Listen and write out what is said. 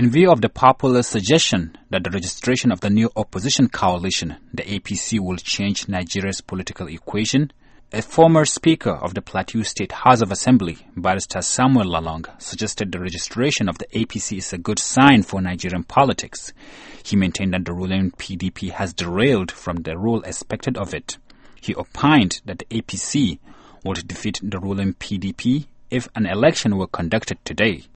In view of the popular suggestion that the registration of the new opposition coalition, the APC, will change Nigeria's political equation, a former speaker of the Plateau State House of Assembly, Barrister Samuel Lalong, suggested the registration of the APC is a good sign for Nigerian politics. He maintained that the ruling PDP has derailed from the role expected of it. He opined that the APC would defeat the ruling PDP if an election were conducted today.